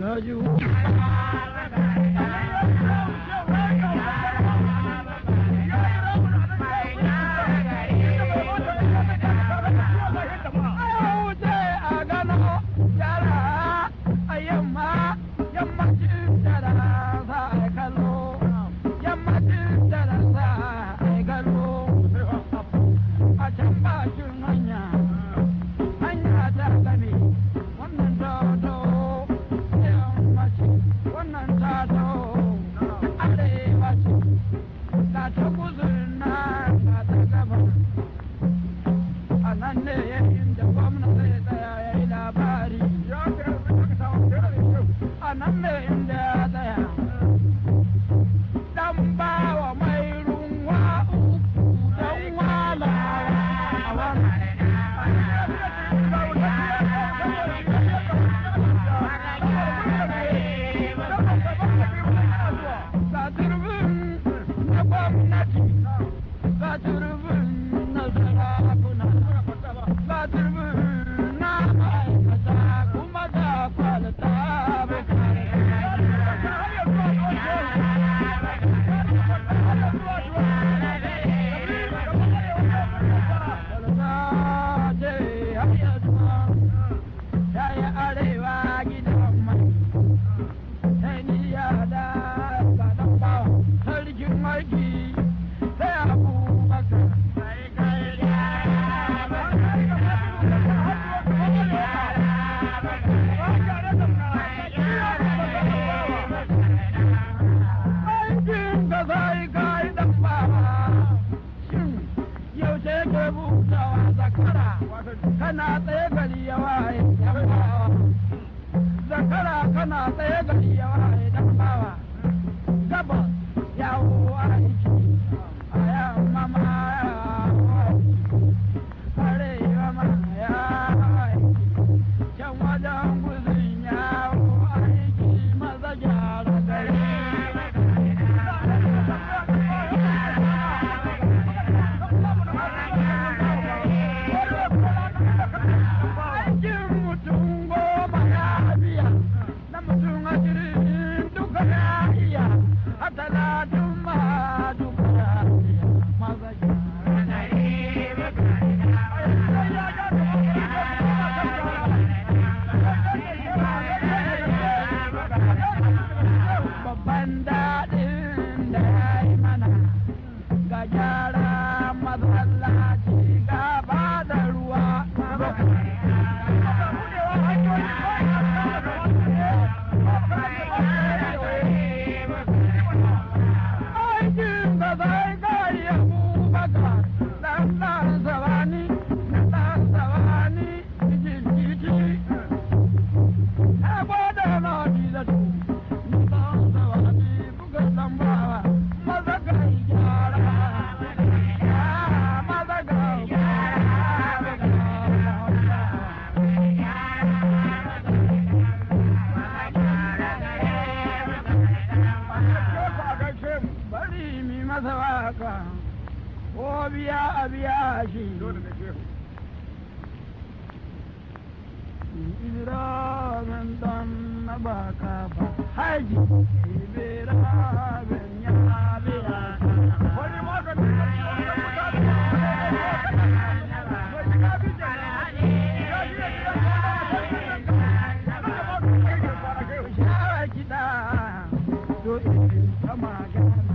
Love you. Nắm đ kana नाती विया रखण नाती आहे da da masa waka ko biya a biya shi Iramin don na baka ba haji, ya biya